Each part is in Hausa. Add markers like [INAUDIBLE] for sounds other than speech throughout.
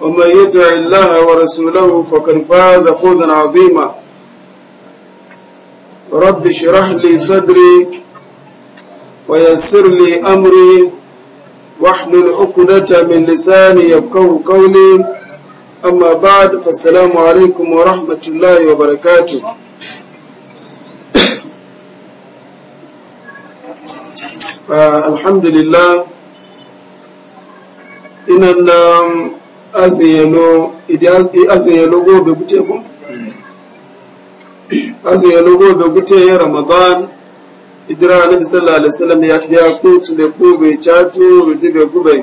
ومن يطع الله ورسوله فقد فاز فوزا عظيما رب اشرح لي صدري ويسر لي امري واحلل عقدة من لساني يفقهوا قولي اما بعد فالسلام عليكم ورحمة الله وبركاته آه، الحمد لله إن azuyelo azuyelo gobe gute ko azuyelo gobe gute ya ramadan ijira annabi sallallahu alaihi wasallam ya ya kutu le kube chatu rudibe kube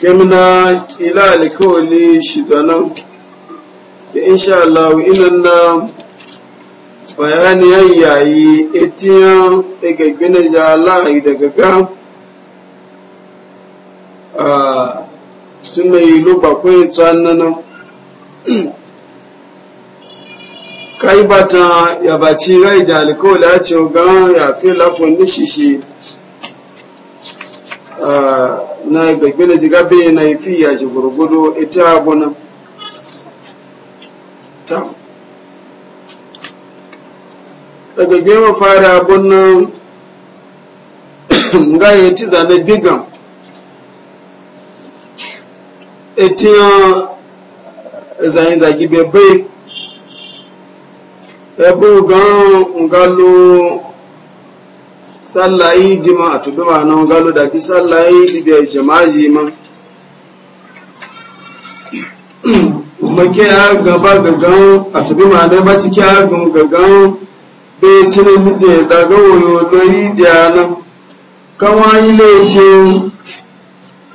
kemna ila alkawli shidana ya insha Allah inanna bayani yayi etiyan egegbe ya Allah daga ga tun da yi lugba kwaye tsanana kai bata ya baci rai da alkawali a ce gan ya fi lafon ni shishi na gbagbe na jigabe na ifi ya ji gurgudu ita abuna ta daga gema fara abun nan [COUGHS] ga yi ci zane bigan etiyan zanyi zagi bebe ebu gan ngalo sallayi jima atubi ma na ngalo dati sallayi libya jamaji ma make ya gaba gagan atubi ma na ba ciki ya gan gagan be cire mije daga wayo na yi da nan kama yi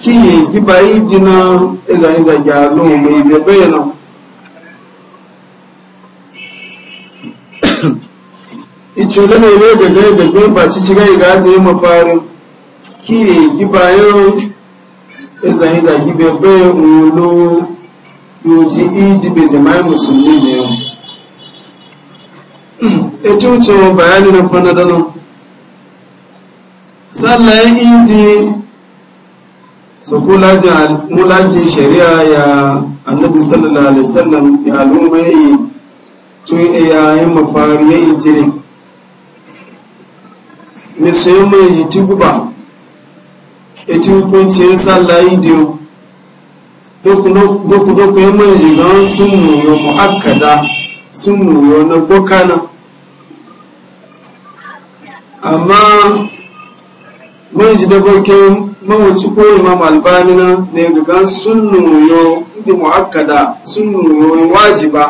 kiyi gibayi jina iza iza gyalo mai bebe nan [COUGHS] ichule ne ne gaga gaga ba ci ci mafari kiyi gibayo iza iza gibebe ulo yoji idi be jama'i musulmi ne yau eto bayani na fanadanon sallah idi so ko lajin shari'a ya annabi sallallahu alaihi wasallam ya al'umma tun ya yayin mafari yayi jire ni sai mai yiti guba eti hukuncin sallah idiyo doku doku ya mai jigan sun muyo mu'akkada sun muyo na bokana amma man ji da boke mawaci ko imam albani na ne gagan sunnu yo ndi muakkada sunnu yo wajiba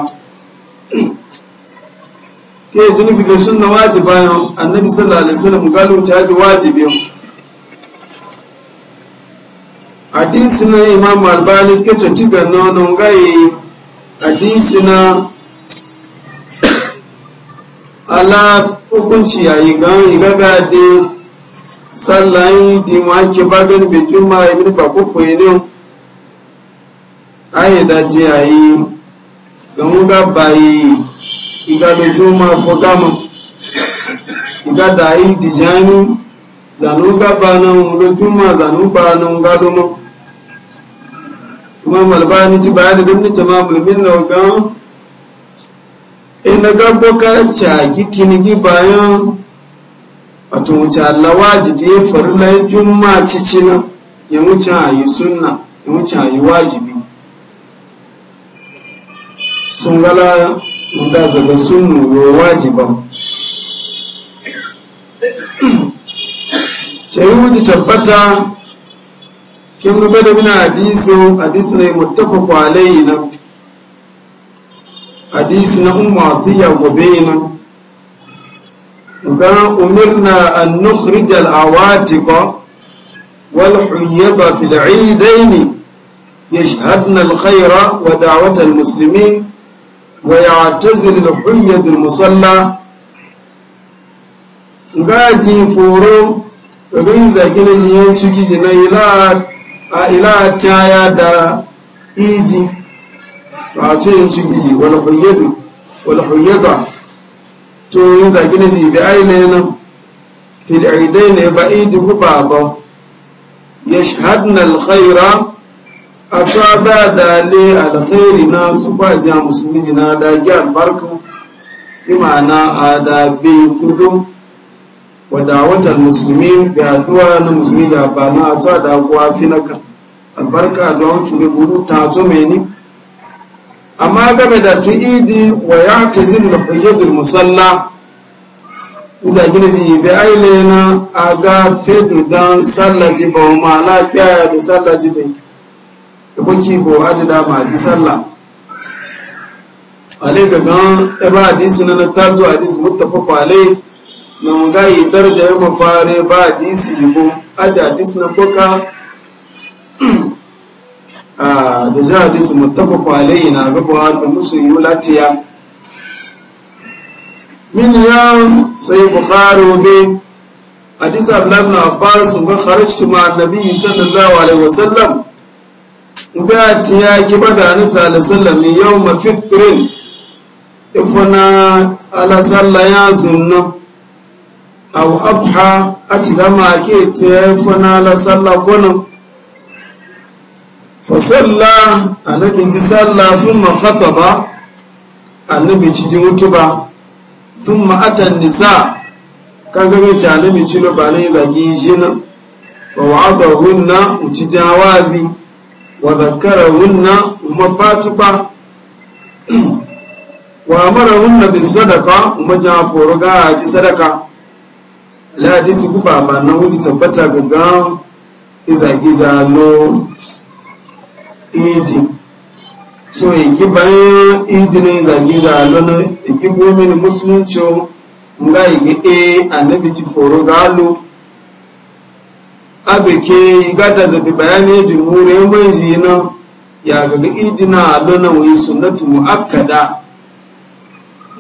ke jini fi sunna wajiba yo annabi sallallahu alaihi wasallam galu ta ji wajibi yo hadisi na imam albani ke ta tiga na no ngai hadisi na ala hukunci yayi gan igaga de sallah yi di wanke bagan bai juma ya bin bako foyene da ji ayi gamu ga bayi iga bai juma fo gama iga da yi di jani zanu ga bana mulo juma zanu bana ga domo kuma malbani ti bayani dum ni tamamul minna ga ina e ga boka cha gikini gi bayan wato wuce wajibi ya faru na juma cici nan ya wuce a yi suna ya wuce a yi wajibi sun gala da zaga sunnu wa wajiban shari'u wuce tabbata kin gaba da mina hadisu hadisu ne mutafa kwalai na. hadisi na umma tiya gobe na. ga umirna an nukhrija al-awatiqa wal huyyada fil 'idaini يشهدن الخير ودعوة المسلمين ويعتزل الحية المصلى ngaji foro rin zagina yin ciki jina a ila taya da idi ba ce yin ciki wal huyyadu huyyada to yin zagi na jibi aile na aidai ne ba idi huɓa ba ya shahadna alkhaira a ta ba da le alkhairi na su ba ja musulmi jina da gi albarka imana a da bi kudu wadawatar musulmi da aduwa na musulmi da ba na a ta da kuwa finaka albarka da wancin da ta to mai ni amma game da tu'idi wa ya ta zirin huyyadul musalla za gina ji bi aile na a ga fedu don sallaji ba ma lafiya da sallaji bai da kuki bo da ma ji salla ale ga gan eba hadisi na na tazo hadisi mutafa kwale na mu ga yi daraja mafare ba hadisi bu ada hadisi na koka Ah, da ji hadisi mutafa kwalai na gabawa da musu yi latiya min ya sai bukhari be hadisi abdullahi na abbas ga kharajtu ma nabi sallallahu alaihi wasallam ga tiya ki bada anas sallallahu alaihi wasallam yawma fitrin ifana ala sallaya zunna aw abha a ci gama ke tiya ifana ala salla gonan fasalla annabi ti sallah sun mafata ba annabi ci ji mutu ba sun ma'atan nisa kagabe ci annabi ci lo ba ne zagi shi nan wa wa'adar hunna uci jawazi wa zakara hunna fatu ba [CLEARS THROAT] wa mara hunna bi sadaka kuma jan foro ga ji sadaka la hadisi kufa ba na wuti tabbata gaggawa izagiza lo idi so iki bayan idi alona, zagi da lona iki mini musulunci nga igi e annabi ji foro galo abeke igada zabi bayani jumhur yan manji na ya gaga idina lona wai sunnatu akada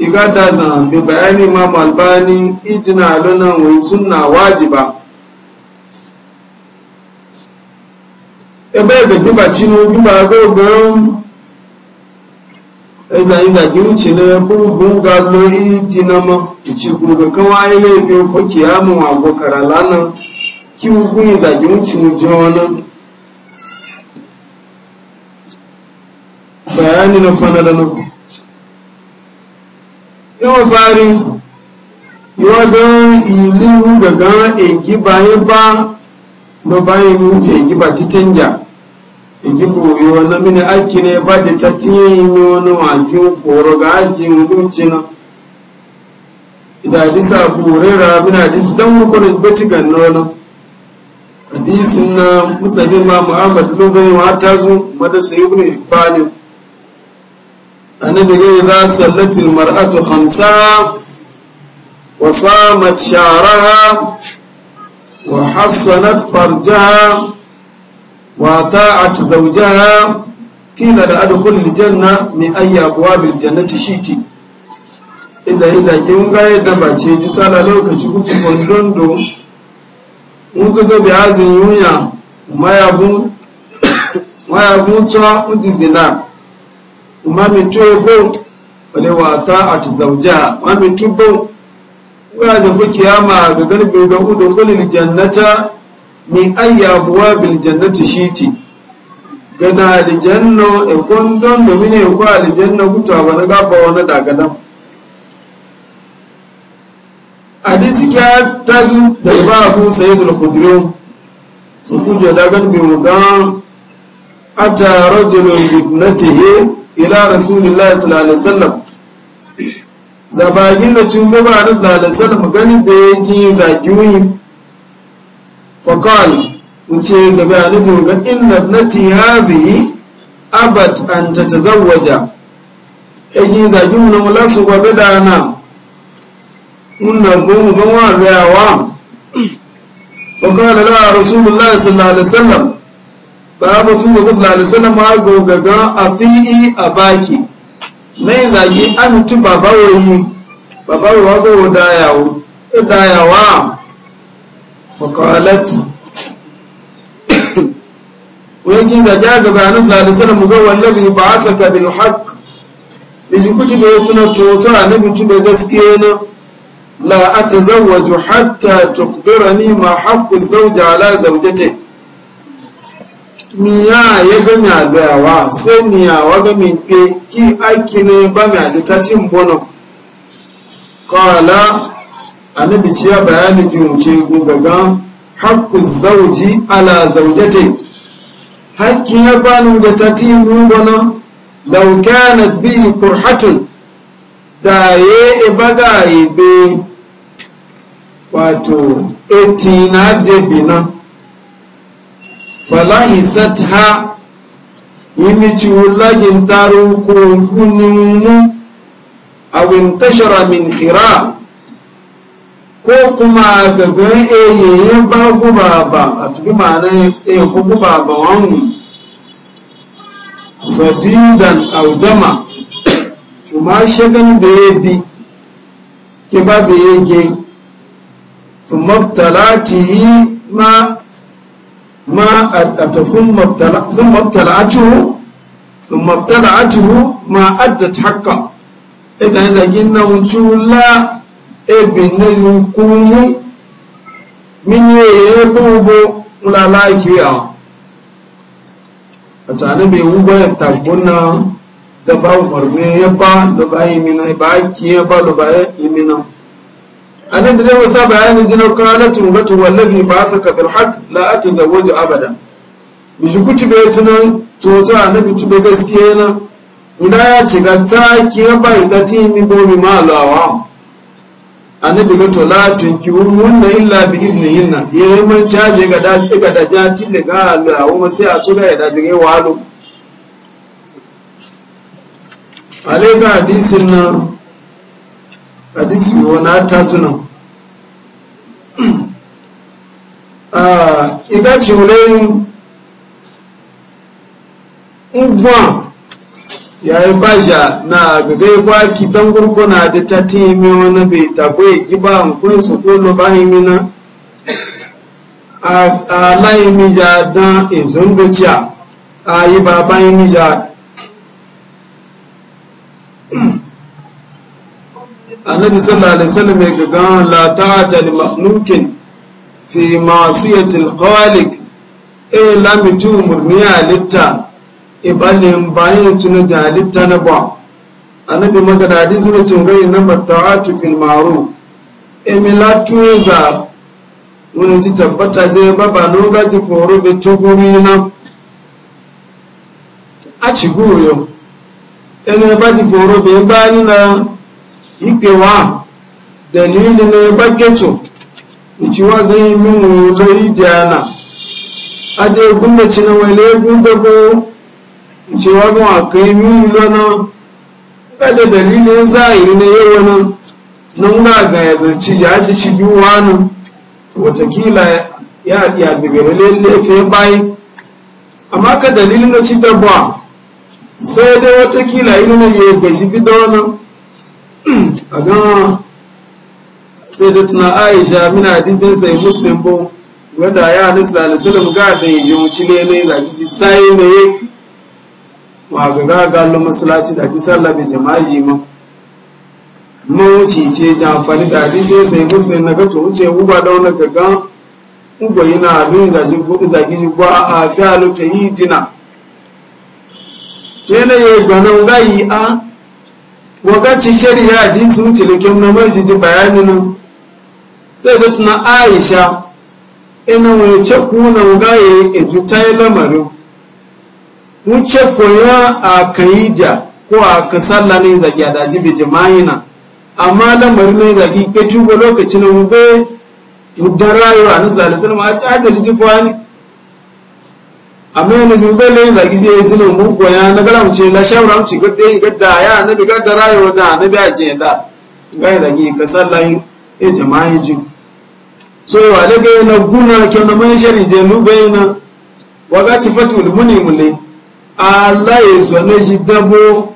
igada zabi bayani imam albani idina lona wai sunna wajiba ebe ga gbígbà chinu gbígbà agogon ẹza ìzàgí uche na búrúbùn ga lo ìdí na mọ ìchìkú kankan wáyé lẹ́ẹ̀fi ọkọ̀ kì á mú àgbọ̀kàrà lánàá kí gbogbo ìzàgí uche jọ ọ́nà. bayani na fanada na ku yawan fari yawa don ilin gagan egi bayan ba ba bayan mutu egi ba titin ja igi boyo na mini aiki ne ba da ta tiye yi wani wajen foro ga aji mulunci na ida disa burera bin hadisi dan muku da baci ganno na hadisin na musulmi ma muhammad lubai wa ta zo mada sai ibn ibani annabi ga za sallatil mar'atu khamsa wa samat sha'raha wa hassanat farjaha وطاعت زوجها قيل لأدخل الجنة من أي أبواب الجنة شئت إذا إذا كنت دبتي جسالة لو كتكوت فندندو mutoto bi azi yunya mayabu mayabu tsa uti zina umami tubo wale wata ati zauja umami tubo wa ga garbi ga udu kulil min ayya buwa bil jannati shiti gana aljanna e kondon domin e ko aljanna kuta bana gaba wani daga nan hadisi kya taju da ba abu sayyidul khudri su kuje da gan bi mugan ata rajulun ibnatihi ila rasulillahi sallallahu alaihi wasallam zabagin da cin gaba da sallallahu alaihi wasallam ganin da yake zagiyoyin faƙal wuce gaba a nufin ga inna nati hadhihi abat an ta tazawwaja egi zagi mu na mula su gwabe da na unna gumu ga wa rayawa faƙal la rasulullah sallallahu alaihi wasallam babu tun ga sallallahu alaihi wasallam ma gogaga ati'i abaki mai zagi an tu babawoyi babawowa go dayawo dayawa faqalat wani zaga gaba a nasu alisana muga wallabi ba a tsaka bil haƙ da ji kuci da wasu na toto a nabi ci da gaskiya na la a ta zawaju hatta tukbira ni ma haƙƙu zauja ala zaujate miya ya ga mi miya wa ga mi pe aiki ne ba mi adita cin bono kala annabi ya bayani ki ce gugaga haqqu zauji ala zaujate. hakkin ya bani da ta gugana law kanat bi kurhatun da ye yi e ibe e wato etina jebina falahisat ha yimici wulagin taron kofin mu awin tashara min khira ko kuma daga eyeyen ba guba ba a tuki ma'ana eyeyen ko guba ba wani sadidan audama kuma shagan da ya bi ke ba bi yake su ti yi ma ma a tafin mabtalatihu su mabtalatihu ma adda ta haka ya zane zagin na wucula ebe na yunkuru mini eye gbogbo lalaki a wugo ya tabbuna da ba umarni ya ba da ba yi mina ba ki ya ba da ba yi mina a nan da wasa bayani zinar kalatun gatu wallafi ba su ka bil haq la a abada bi shi kuci bai ci nan toto a bi ci bai gaskiya na ndaya ya ce ga ta ki ya ba ita ti mi bomi ma lawa annabi ga to la tunkirun wanda illa bi iznihin na yayin man chaje ga da shi ga da ja tinne ga Allah ma sai a tsoga ya da jige Ale alaika hadisin na hadisi wona ta zuna ah, a ikaci wulayin ngwa yayi basha na gabe ba ki dan gurguna da ta teme wani bai takwai giba an kun su ko lo ba himina a layi ja dan izun duciya a yi ba bayan ja annabi sallallahu alaihi wasallam ya gaga la ta'ata li makhluqin fi ma'siyati al-khaliq eh la murniya litta ibalin bayan tuna jalitta na ba annabi magadadi zuwa cin na matawatu fil maru emila tuweza mun ji tabbata je baba ga ji foro be tuguri na a ci guyo ene ba ji foro be bani na ikewa dalili ne ba keto wa ga yi min wulai diana ade gumbaci na gumbe go cewa ga wakai miyu lana kada dalilin zahiri na yau wani nan na ga yadda zarci ya ji ci biyu wani watakila ya ya bibiyar laife bayi amma ka dalilin na ci dabba sai dai watakila ina na ya gaji bida wani a gan sai da tuna aisha mina dizin sai muslim bo wadda ya nufi salisalim ga da yi jimuci ne ne zagi sai wa ga ga gallo da ji sallah bi jama'i ma mun wuce ce jan fari da ji sai sai musulmi na gato wuce uba da wannan gaga uba yana bin zaji ko zagi ba a fi'alu ta yi jina ne ya gano gayi a wakati shari'a hadisi wuce likin na mai ji bayani nan sai da tuna aisha ina mai ce kuna gaye ejutai lamarin wuce koya a kaida ko a ka sallah ne zagi a daji bai jima'i na amma lamari ne zagi ke tuba lokacin hube muddan rayuwa na sallallahu alaihi wasallam a ajali jifuwa ne amma yana jibe ne zagi je jinin mu koya na gara mu ce la shawara mu ci ya gadda ya annabi gadda rayuwa na annabi a ce da ga zagi ka sallah e jima'i ji so wa daga na guna kenan mai shari je lubaina wa ga ci fatul muni mulai Allah ya zo na shi dabo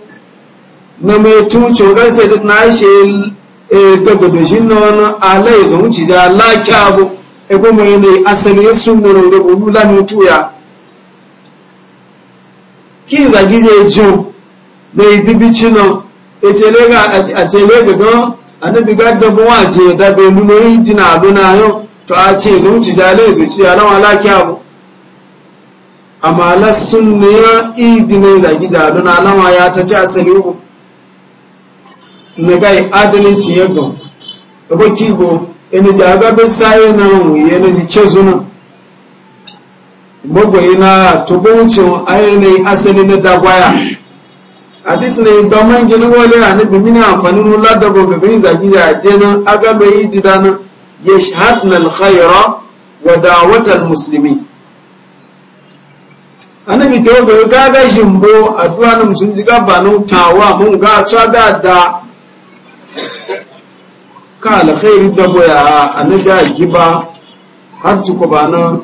na mai tuce kan sai na shi eh, daga da shi na wani Allah ya zo wuce da Allah ki abu e kuma ne asali ya sun da bulu la tuya ki zagi je jo na ibibi cinan e tele ga a tele ga don annabi ga dabo wa je da bai nuna yin jina abuna yau to a ce zo wuce da Allah ya zo ci da Allah ki abu amma lassun ne ya idi ne zagi jadu na alama ya ta ci asali uku na gai ci ya gan ki go ina ji agabin sayi na ya na ji ce zuna magwai na tubuncin ainihin asali na dagwaya a ne ba man gini wale a nabi mini amfanin wula da gogabin zagi jaje nan agabin idida nan ya shahadna alkhaira wa dawatal musulmi anabi ke oge ga ga jimbo aduwa na gaba na tawa mun ga ta da da ka alkhairi da boya anabi a giba har ci ko ba na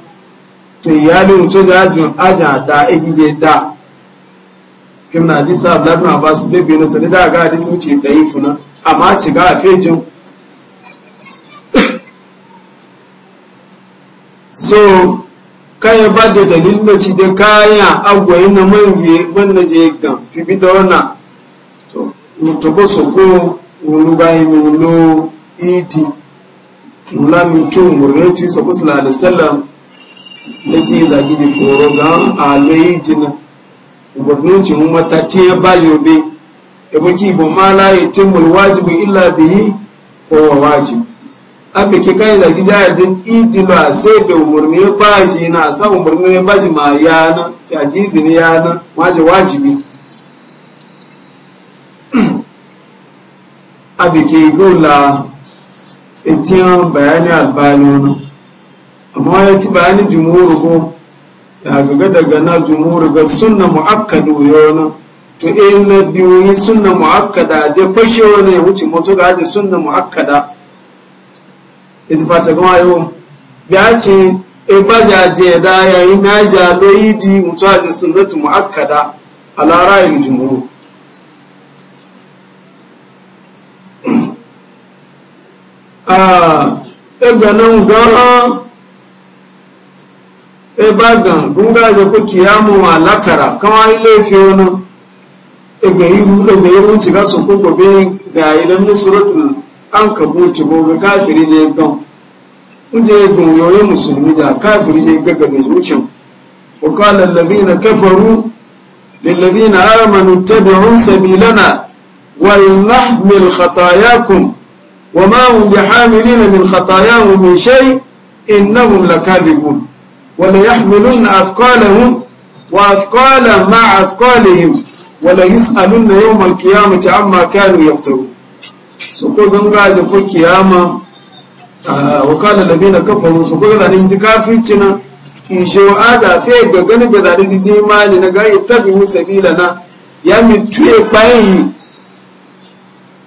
to iyali mutum da ajin e aja da egije da kim na hadisa abdullahi abbas su bi na to da ga hadisi wuce da yi funa amma ci ga fejin [COUGHS] so kaya ba da dalil na ci da kaya agwai na manje wanda je ga fibi da wana to mutu ko so ko wulu bai mu lo idi mula mi to murne ci so sallallahu alaihi wasallam nake da gidi foro ga alayi jina ubudun ci mu mata ti ba yobe e boki bo mala yatimul wajibu illa bihi ko wajibu abe ke kai da gija da idima sai da umurni ba shi na sa umurni ba shi ma yana caji zini na waje wajibi abi ke gola etiyan bayani albani amma ya ci bayani jumuru ko ya gaga daga na jumuru ga sunna mu'akkadu yona to in eh, na biyu sunna mu'akkada da fashewa ne wuce mutu ga sunna mu'akkada ìdìfàtẹ̀ kan wáyé wọn bí a ti ìgbàjà àti ẹ̀dá di àti sunnatu mu'akkada alára ìlú jùmọ̀rò ẹgbẹ̀rún gan-an ẹbàgàn gúngàjọ kó kìyàmù àlákàrà káwọn ilé ìfẹ́ ọ̀nà ẹgbẹ̀rún ti ká sọ pé gbọ̀gbẹ́ gàáyé lẹ́nu an kabo cibo ga kafiri zai gan wuce ya gunyoyi musulmi da kafiri zai gaga mai wucin wakalar labina kafaru lalabina armanu tabi'un sabilana wallah milhatayakun wa ma'un bi hamili na milhatayanu mai shai innahun lakalibun wani ya hamilun na afkalahun wa afkala ma afkalihim wani yi tsanin na yau malkiya mace an makanu yaftaru su ko ganga da ko kiyama ah, wakala da bai na kafaru su ko gana ji kafirci na in shi wa ada fe ga gani ga zane ji imani na gaya tabi mu sabila na ya mi tuye bayan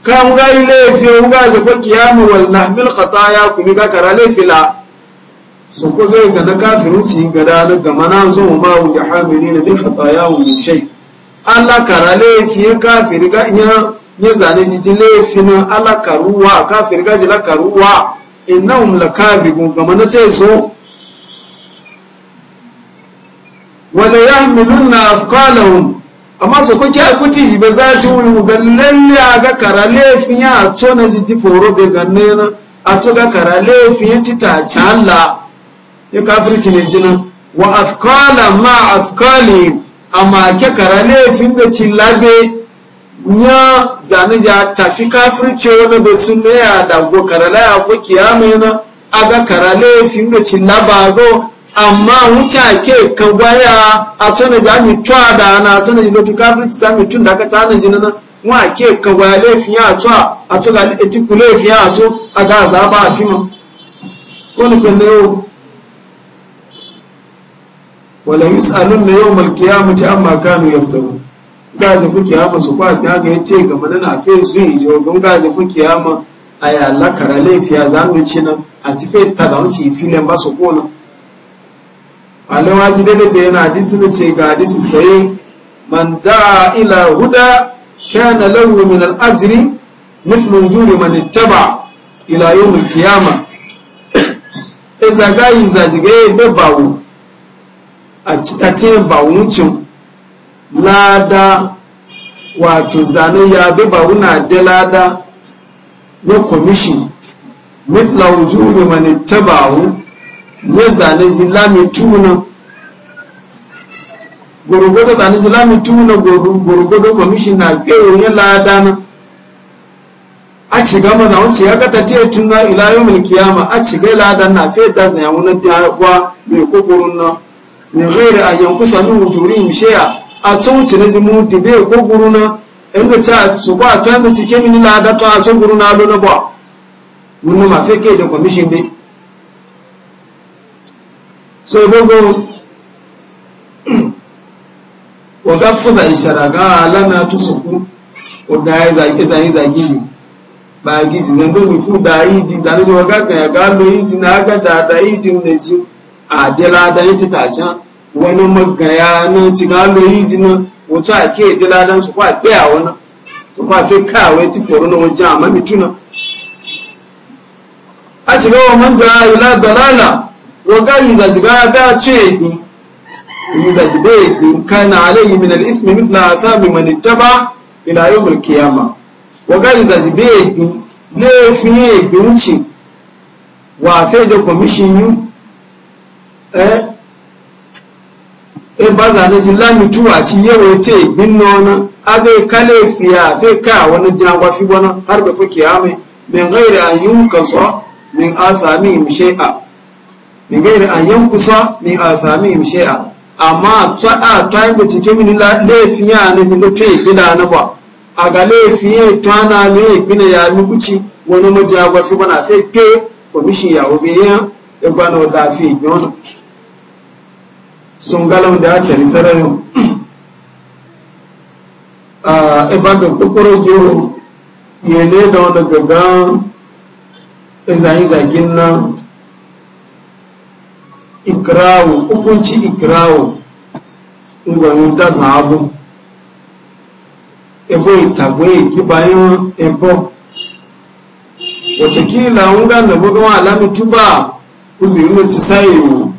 ka mu ga ile fe mu ga da ko kiyama wal nahmil qataya ku mi ga kara la. su ko zai ga na kafirci ga da na gama na zo ma wa hamilina bi qataya wa min shay Allah kara lafi kafir ga ina ne zane shi ti laifin alakaruwa kafin gaji lakaruwa innahum lakazibun gama na ce so wala yahmilunna afqalahum amma su kuke kuti ba za ta wuri ga lalle a ga kara laifin ya a to na ji foro bai ganne na a to ga kara laifin ya ti ta cala ya kafirci ne jina wa afqala ma afqali amma ke kara laifin da ci labe nya zane ja tafi kafirce wani ba su ne ya dago karala ya fi kiyama a aga karala ya fi nuna cin labago amma wuce ke kagwaya gwaya a tsona za mu tuwa da ana a tsona ji lotu kafirci za mu tun da aka tana ji nan wa ke kagwaya gwaya laifin ya tuwa a tso ga etiku laifin ya tso a ga za ba a fi ma ko ni kan yau wala yus'alun na Malkiya mutu amma kanu yaftaru gaza fi kiyama su kwa fi haka yace game da na fe zuwa ijo don gaza fi kiyama a ya lakara laifiya. a zanu ci nan a ti fe ta zanu ci filin ba su kona alewa ji dai da yana di da ce ga di sai sayi man da ila huda kana lahu min al ajri mislu juri man ittaba ila yawm al kiyama e za ga da bawo a ci ta ce bawo cin lada wato zane ya bi ba wuna je lada na komishin mithla wujuri mani tabahu ne zane ji lami tuna gurgudu zane ji lami tuna gurgudu komishin na gaiwon ya lada na a ci gama da wance ya kata tiya tuna ila yau mai kiyama a ci gai lada na fiye da zanya wani ta wa mai kukurun na mai gaira a yankusa min wujuri mishiya a tsohunci na jimu dibe ko na inda ta su ba ta yi mace kemi ni lada ta guru na lona ba wani ma kai da kwamishin bai so gogo [CLEARS THROAT] wa gafuza ishara ga lana ta suku o da ya zage zage zage ne ba gizi zan domin fu da yi di zane da wa gaga ya galo yi di na ga da da yi di na ji a jela da yi ta can wani magaya nan cinalo yi dinan wato a ke diladan su kwa gbaya wani su kwa fi kawai ti foro na wajen a mamituna a shiga wa man gara ila dalala waga yi zaziga ya ga ce egbi yi zaziga egbi kana alayhi min al-ismi mithla asabi man ittaba ila yawm al-qiyamah waga yi zaziga egbi laifin egbi wuce wa fe da commission yi eh baza na ji lami tuwa ci yawa te binno na abe kale fiya fe ka wani jangwa fi wani har da fuke ame min gairi an yi kaso min asami mshe'a min gairi an yi kusa min asami mshe'a amma ta a ta yi cikin mini laifiya na ji lutu ibina na ba a ga fiye ta na ne ibina ya mi kuci wani majagwa fi wani fe ke komishin ya biyan ya gwana wadda fi ibina sun galam da ya ni sarayo a ibaga e kokoro ya ne da wanda gaga izai e zagin na ikirawo hukunci ikirawo ngwanin da sahabu ebo itagwe e kibayan ebo kila wunga na gbogbo alamitu ba uzirin da ti sayewu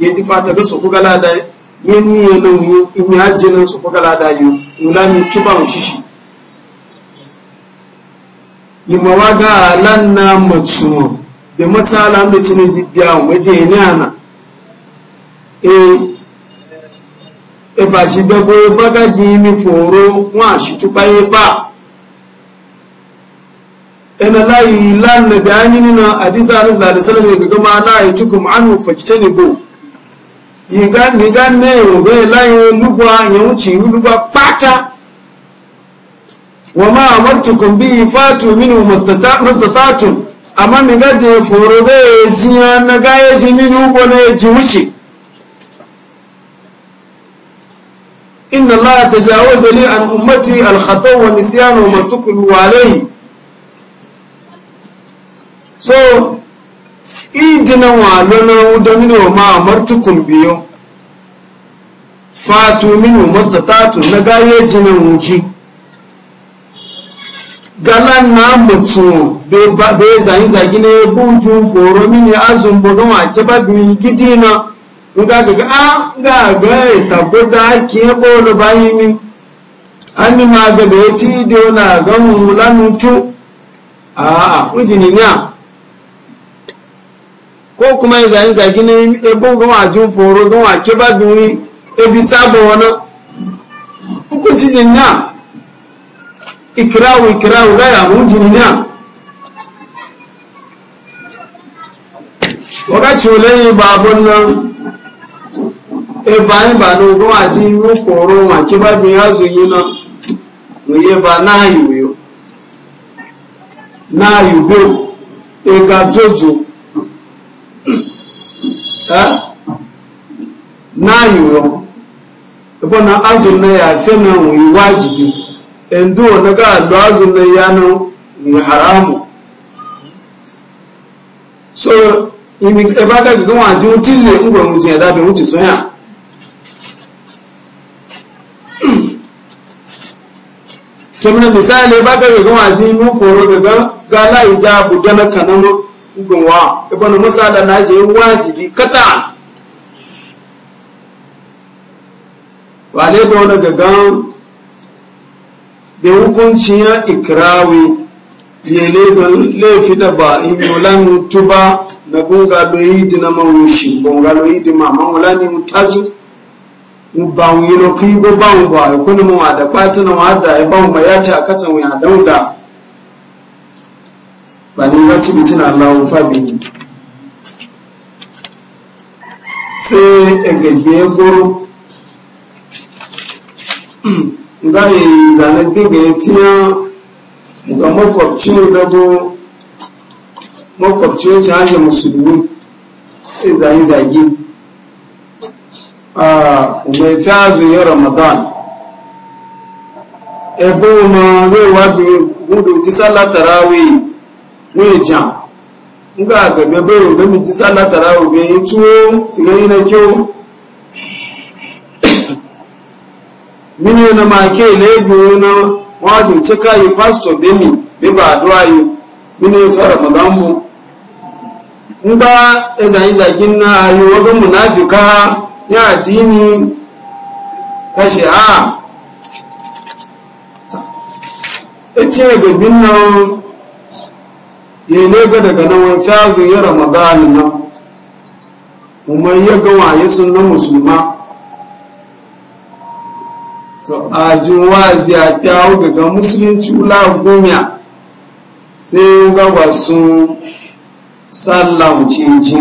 yeti fata da su kugala da yin ne nan in ya ji nan su kugala da yi wula mi kiba mu shishi limawa ga lan na matsuwa da masala da cini zibiya waje ne ana eh ìbàṣìdọ́gbò bọ́gájì mi fòòró wọn àṣìtúpa yé yìnká nìká ní òwe láyé lúgbà yẹ̀wò tí lúgbà pátá wọ́n máa mọ́tòkùn bí fàtò mínú mọ́sítátù àmá mi gáje fòrò bẹ́ẹ̀ jiyàn na gáyé ya ji gbọ́nà èjì wuce inna láà tàjà wọ́zẹ̀lẹ́ al'ummati alhatọ́ wa nisiyanu mọ́sítọ́kùn so idina walona domini wa ma kun biyo fatu minu tatu na gaye jinan wuji galan na mutu be zagi zagi ne bujun foro mini azun bodon a keba bi gidina nga ga a ga ga tabbata ke bodo bayi an ma ga ya ci de na ga mu lanutu a ni nya ko kuma ya zane zagi na ebon gan wajin foro gan wake ba duni ebi tabo wani hukunci jinna ikirawu ikirawu gaya mu jinna wakati olayin babon nan eba yin ba na ogun ati iwu foro wake ba bi hazo yi na oye ba na ayo yo na ayo go ega jojo na yiwu ibo na azun na ya fi na wuyi wajibi endo na ga alu azun ya na wuyi haramu so ebe aka gaggan waje wuti le ngwa mu jiya dabe wuti sun ya kemna misali ba ka gaggan waje mu foro gaggan ga la ijabu dana kanamu wa? ibn musa da na je wajibi kata to ale da wani gagan da hukuncin ya ikirawi ya legan laifi da ba in yolan mutu ba na bungaloyi di na mawushi bungaloyi di ma mawula ni mutaju ba wuyilo kai ba ba ba ya kuna mawa da kwatina wa da ya ba ya ta katan wa ya dauda bani ga ci bitin Allah fa bi sai egbe goro nga yi zane bi ga tiya ga makwabci da go makwabci ta hanyar musulmi sai e zai zagi a mai fi ya ramadan ebe ma zai wabi gudu ti sallar tarawih wejan nga gabe bayo ga miji sallah tarawo be yi tuwo shiga yi na kyau mini na make lego na wajen cika yi pastor bemi be ba addu'a yi mini ya tsara magambo in ba ezanyi zagin na ayo ọdụm munafika ya addini ha a ta ce gabin nan ya ne ga daga nan wani fiyazin ya ramadani na kuma ya gawa ya sunan musulma to a ji wazi a kyawu daga musulunci ula gumiya sai ga wasu sallam cinci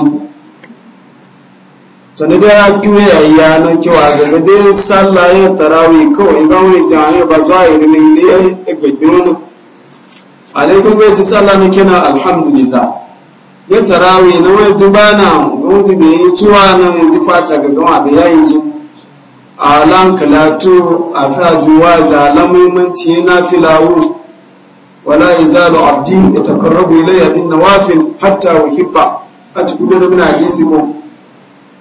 to ne da ya yi ya yi yanar kewa daga dai sallah ya tarawih kawai ga wani jami'a ba za a yi rilin ne ya yi ɗaga alaikum bai ta sallah na kina alhamdulillah ya tarawe na wai ji bana wani bai yi tuwa na yi fata ga gama da zuwa A alan kalatu a fajuwa zalamimanci na filawu wala yazalu abdi yatakarrabu ilayya bin wafin hatta uhibba a cikin da muna gisi mu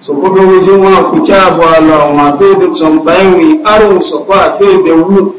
so ko wajen wa ku kya bwala wa fe da tambayi arun so kwa fe da wu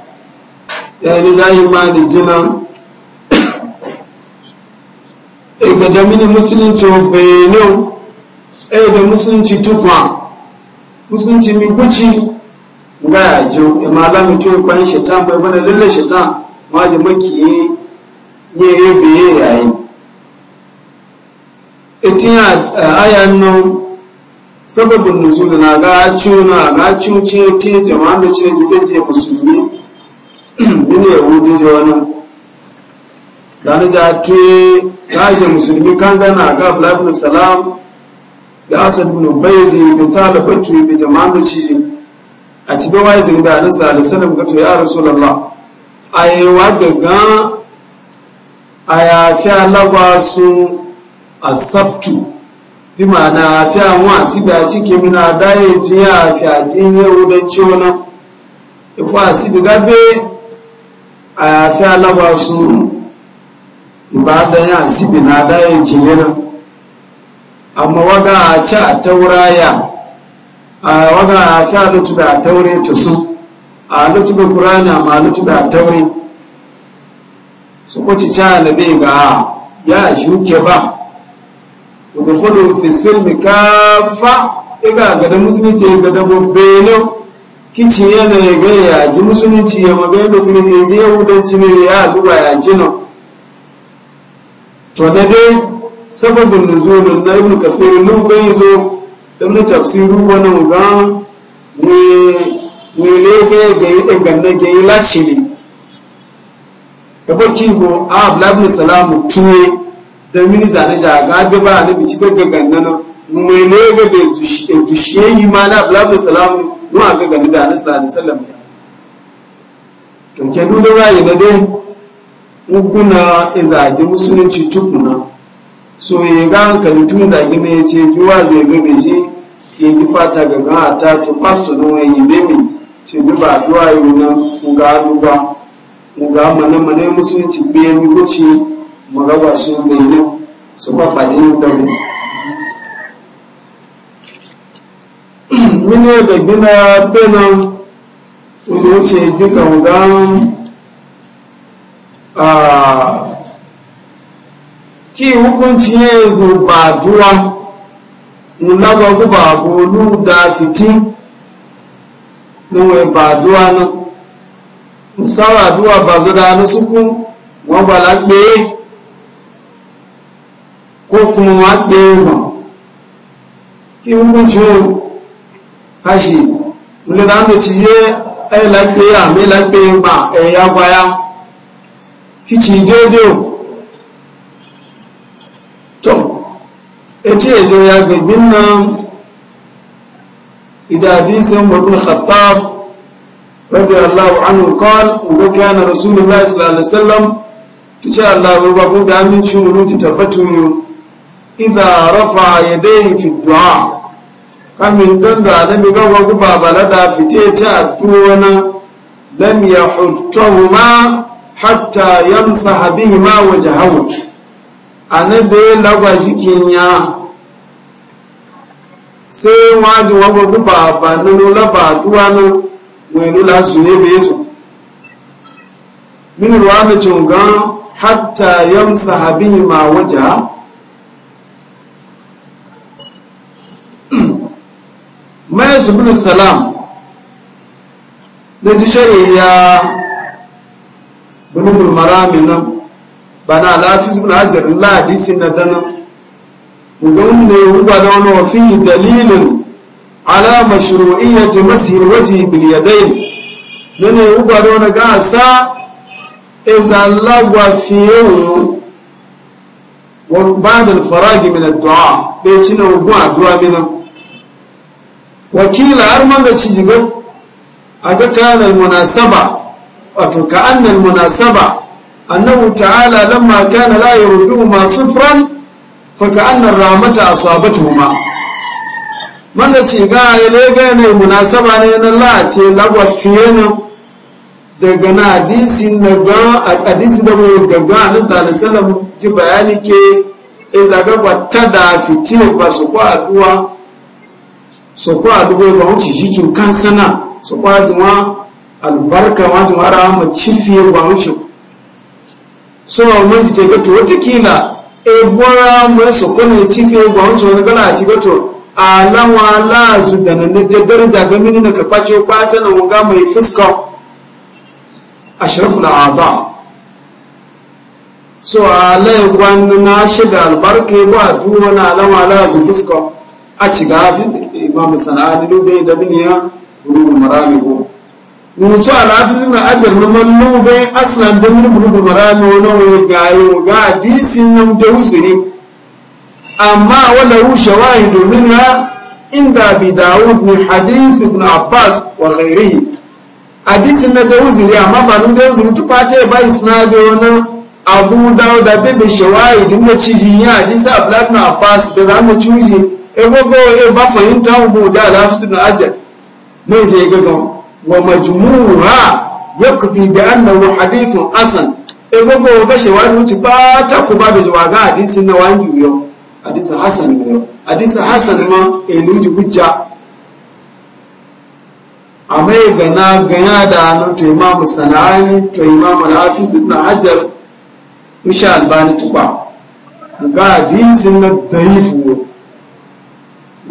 yani zahi ma da jina e ga da mini musulunci bayanau e da musulunci tukwa musulunci mi kuci ga yajo e ma la mi to kwan shaitan bai bana lalle shaitan ma ji maki ne ye biye yayi etiya e, ayan no sababun nuzul na ga cuna ga cuce ti jama'a da ce je musulmi mini yahudu ji wani dani ja tuye kage musulmi kan gana ga abdullahi salam da asad ibn da bi salafatu bi jama'an da ci a cibe wai zin da annabi sallallahu sanin wasallam ya to ya rasulullah yi wa daga aya fi alaba su asabtu bi ma'ana fi a sibi cike mina da ya fi a fi a din yahudanci wani ifa sibi gabe àyàfi alábàásùn ìbádáyà síbi náà dáyà ìjìnlẹ̀ náà amma waga a ci a tauraya a waga a fi a lutu da taure ta su a lutu da kurani amma lutu da taure su kwaci ci a nabe ga ya shuke ba da kudu fi silmi kafa iga ga musulunci ga da bobelo kici yanayi ya ga ya ji musulunci ya magana da tuni ya ji yahudanci ne ya duba ya ji nan to na dai sababin nuzulun na ibn kafir lugan zo da na tafsiru wannan ga ne ne le ga ga yi daga na ga yi lashe ne kabaki go a ibn salamu tuwe da mini zane ja ga bi ba ne bi ci ga ganna nan mu ne ga be tushe yi ma na abla ibn salamu wa ga gani da annabi sallallahu alaihi wasallam to ke dudu rayi na dai ukuna izaji musulunci tukuna so ya ga hankali tun zagi ne ya ce juwa zai bebe shi ya ji fata ga gan ta to pastor don wani yi meme shi bi ba duwa yi na muga duba ga mana mana musulunci biyan mi mu raba su bai ne su ba fadin da mu mine da gina benin wani wuce dukan gan a ki hukunci ya zo ba duwa ba ku ba bolu da fiti nuna ba duwa na musawa duwa ba zo da na suku wọn ba la ko kuma wa gbe ma ki hukunci ya kashi wule da hannu ci ye ɗaya lagbe ya mai lagbe ma e ya baya kici daidai to ete yajo ya gabin nan idadisin mutum khattab رضي الله عنه قال وكان رسول الله صلى الله عليه وسلم تشاء الله وبقوا بأمين شمولوت تفتهم إذا رفع يديه في الدعاء kamin don da annabi gaba ku babala da fice ta na lam ma hatta yamsaha a wajhahu annabi lagwa shikin ya sai waji wago ku baba nuno la ba duwana wenu la suye beto min ruwa mace gan hatta yamsaha bihima wajhahu mai bin salam da ji shari'a bulubul marami nan ba na alafis bin hajjar ladisi na dana mutum da ya ruba da wani wafi dalilin ala mashru'iyyati masihir waje bil yadayn nan ya ruba da wani gasa izalagwa e fiye wa ba da faragi min addu'a bai cina wa addu'a minan wakila har manga cijigan a ga kanar munasaba wato ka annal munasaba annabu ta'ala lamma kana la yurdu ma sufran fa ka annar rahmata asabatuhuma man da ci ga ne ga ne munasaba ne na la ce fiye na daga na hadisi na ga hadisi da mai gaga na sallallahu alaihi wasallam ji bayani ke e zaga ba ta da fitiyar ba su kwa so ko adugo ba wuce shikin kansana so ko ajuma albarka ma ajuma rahama cifiye ba wuce so ma mun ce ga to wata kila e bora mu so ko ne cifiye ba wuce wani gala ci ga to alawa lazu da nan ta daraja ga mini na karbace ba ta nan ga mai fuska na a'dam so ala alai gwan na shiga albarka ba duwa na alawa lazu fuska a ci gafi sana'a sana'ani lube da duniya da marami ko mutu ala ta zubra ajar na mallu bai aslan da mun bulugul marami wani wani gayi ga hadisi nan da usuri amma wala hu domin minha inda bi daud ni hadisi ibn abbas wa ghairihi hadisi na da usuri amma ba nun da usuri tupate ba isnadi wannan abu daud da bebe shawahidu na cijin ya hadisi abdullah ibn abbas da zamu cije ebogo e ba fahimta mu da lafitu na ajal mai sai gagan wa majmuha yakdi bi annahu hadithun asan ebogo ba wani wuce ba ta ku ba da jawaga hadisin na wani yo hadisin hasan ne hadisin hasan ma eluji hujja amma e gana gana da no to imam sanani to imam al-hafiz ibn hajar musha albani tuba ga hadisin na daifu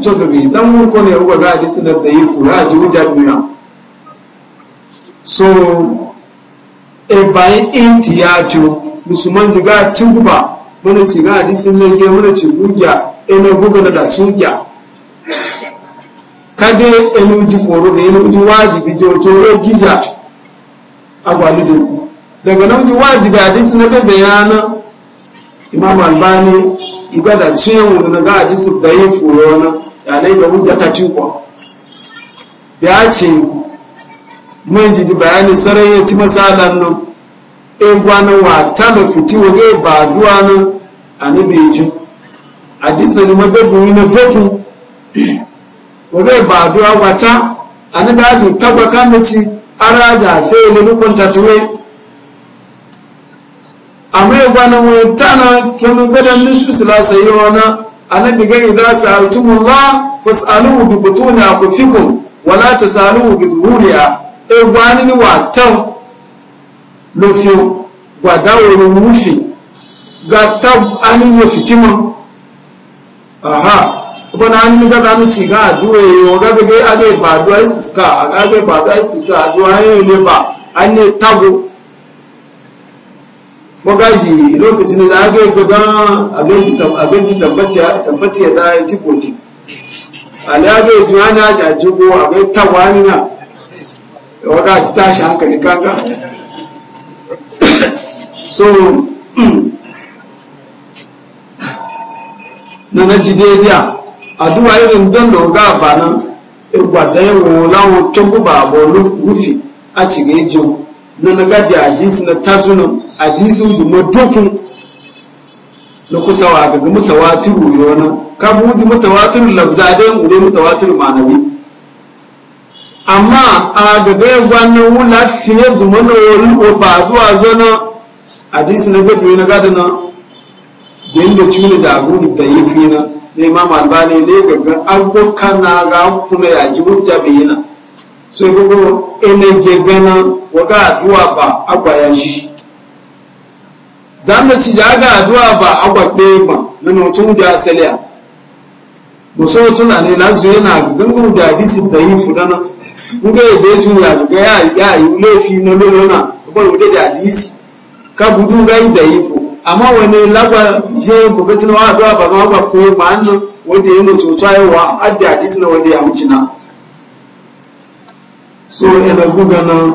to ga bi dan mun ko ne ga hadisi da yi fura ji wuja duniya so e musulman ji ga ci ga hadisin ne ke ci buga da kade ji ji wajibi gija daga nan ji wajibi hadisi na bebe yana imam albani igada wuri na ga hadisi da ɗanai da hujja ta cikwa ya ce mun sarai ya ci masalan nan e, wa ta da fiti wage ba duwa nan a ni bai ji a disa na ba duwa a ni da ake tabbakan da ci ara da nukun tatuwe amma ya wa ta na nisu silasa yi annabi ga idza sa'altumullah fas'aluhu bi butuni akufikum wa la tasaluhu bi zuhuriya e gwani ni wa tan lo fi gwa dawo ni mufi ga tab ani ni fitima aha ko na ani ni gada ni ci ga duwe yo ga ga ga ade ba duwa iska ga ga ba ga iska duwa he le ba ani tabu magashi lokacin da aka yi gaba abinci tabbaci ya da ya ci koti alaga yi tuwa na jaji ko a bai tawa nuna da waka ci tashi hankali kaka so [CLEARS THROAT] na na ji daidai a duwa irin don da ga ba nan irgwada yin wulawun tun guba abu rufi a cikin jiyo na na gabi a jinsi na tazunan hadisin gumo dukun na kusa wa ga mutawatiru yana ka buji mutawatirun lafzaden ure mutawatirun ma'anawi amma a ga gaya gwanan wula fiye zuma na wani ba zuwa zana hadisi na gabi na gada na da inda da abu da yi fi na ne ma albani ne gaggan abokan na ga kuma ya ji hujja bayyana sai gugu ina gegana waga addu'a ba agwa shi zanda ci da aga aduwa ba agwagbe ba na mutum da asaliya muso tuna ne na ya na gangan da hadisi da yi fudana nga ebe ju ya ga ya ya yi lefi na lolo na ko wode da hadisi ka budu ga yi da yi fu amma wani lagwa je bukatun wa addu'a ba zama ba ko wadda an wode yin tutuwa yawa adda hadisi na wode ya mucina so ina gugana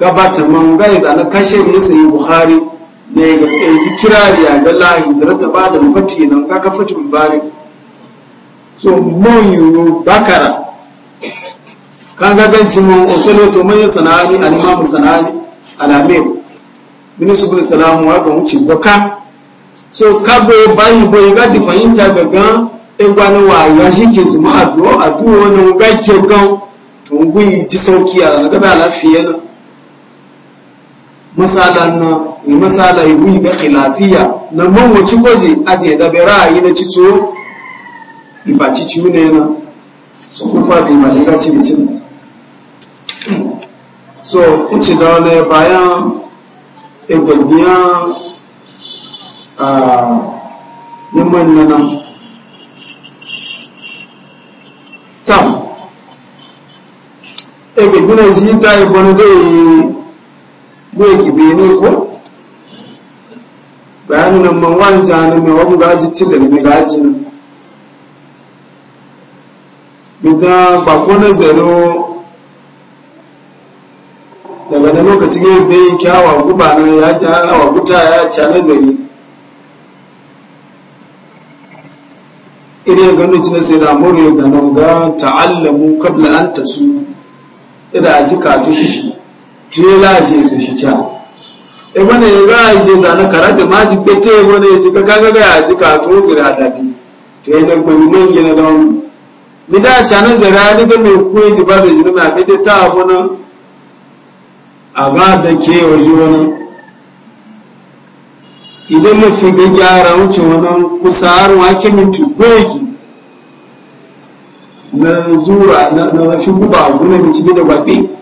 gabatar man gai da na kashe ne sai buhari ne ga ji kirari a zara ta ba da fati na kaka fati bari so yi yi bakara kan gaganci mun osolo to mun sanani al imam sanani al mini su subul salamu wa ga wuce doka so kabo bayi boyi gati fahimta ga gan egwani wa ya shi ke zuma a duwa ne ga ke to gwi ji sauki a ranar gaba lafiya na masala na masala yi ga khilafiya na man wace gwaji aje da bai ra'ayi na cito ifa cici ne na So, su fa da malika ci bicin so kuci da wani bayan egwagbiya a yamman na nana. tam egwagbiya ji ta yi bane da yi bai ki bene ko bayanin nan man wanja ni mai wani gaji ci da mai gaji nan bita ba ko na zero daga da lokacin yin bai kyawa guba na ya ta hawa guta ya ca nazari ire ya nuna cikin sai da amurya ga nan ga ta'allamu kabla an tasu ida a ji kato shi Tuyela ce su shi can. e wani ya ga ya ce zane karatu ma ji pece wani ya ci ka kaga ga ya ji ka to su da dabi to ya da gobe mun gina don ni da ca na zara ni ga mai kuwa ji ba da ji ma ka ta abu na a ga da ke waje wani idan mafi ga gyara wuce wani kusa har wake minti gogi na zura na rafi guba gunan minti da gwabe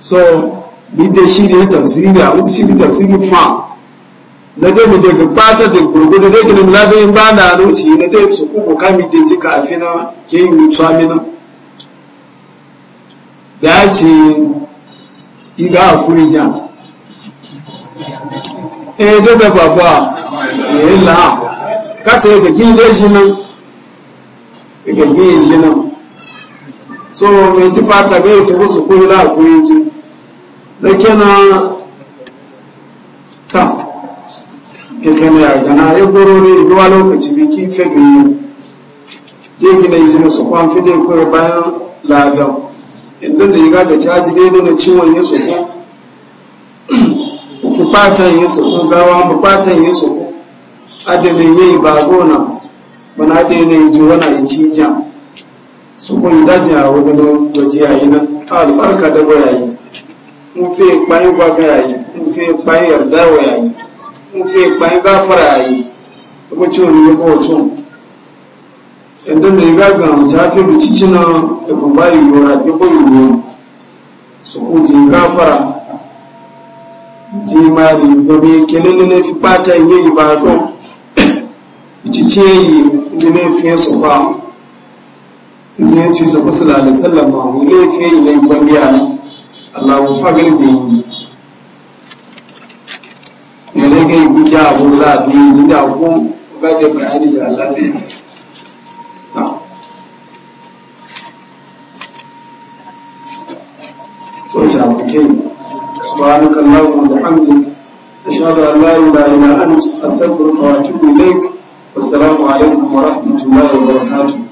so mije shi ne tafsiri a wuce shi ne tafsiri fa na dai mu daga bata da gurgudu da ginin labarin ba na nuci na dai su kuma kami da ji kafin na ke yi mutuwa amina da ya ce iga a kuri ja e eh, da da baba ya eh, yi la'a kasa ya ga gida shi nan ga gida shi nan so mai ji fata ga yi ta su kuri na a kuri ji da na ta ke kena ya gana ya goro ne duwa lokaci biki fe biyu je gina izini su kwan fide kawai bayan ladan inda da yiga da caji daidai na ciwon ya soko bukatan ya soko gawa bukatan ya soko adalin yayi ba gona bana da yanayi ji wana yi cijan su kun dajin a wani na yi na alfarka da bayayi mu fe kpayi gwaga yayi mu fe kpayi yarda wa yayi mu fe kpayi gafara yayi ko ci wani ko to sandan da ga ga ta fi bici na da ku bayi yora da ko yoro su ku ji ji ma ri gobe kelele ne fi pata yayi ba don cice yi ne fi su ba ne ci sa sallallahu alaihi wasallam mu ne fi yayi gwamiya ne Allahun fagari da yi ne ne ga yi ya abu za a biyu jin da abu ba da fara hadisi Allah da yi ta so ta abu ke su ba ni kallon abu da hamdi a shaɗa Allah yi ba yi a stakbur kawai tukun lake wasu salamu alaikum wa rahmatullahi wa barakatuhu